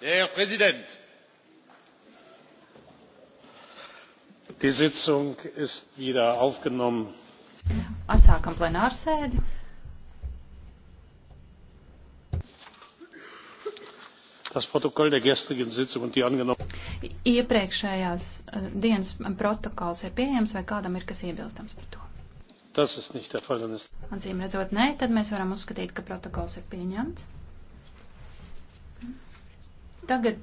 herr präsident! die sitzung ist wieder aufgenommen. atsākam plenārsēdi. das protokoll der gestrigen sitzung und die angenommenen. iepriekšējās eh, dienas protokols ir pieejams vai kādam ir kas iebilstams par to? tas ist nicht der fall. acīm redzot nē tad mēs varam uzskatīt ka protokols ir pieņemts. Tagad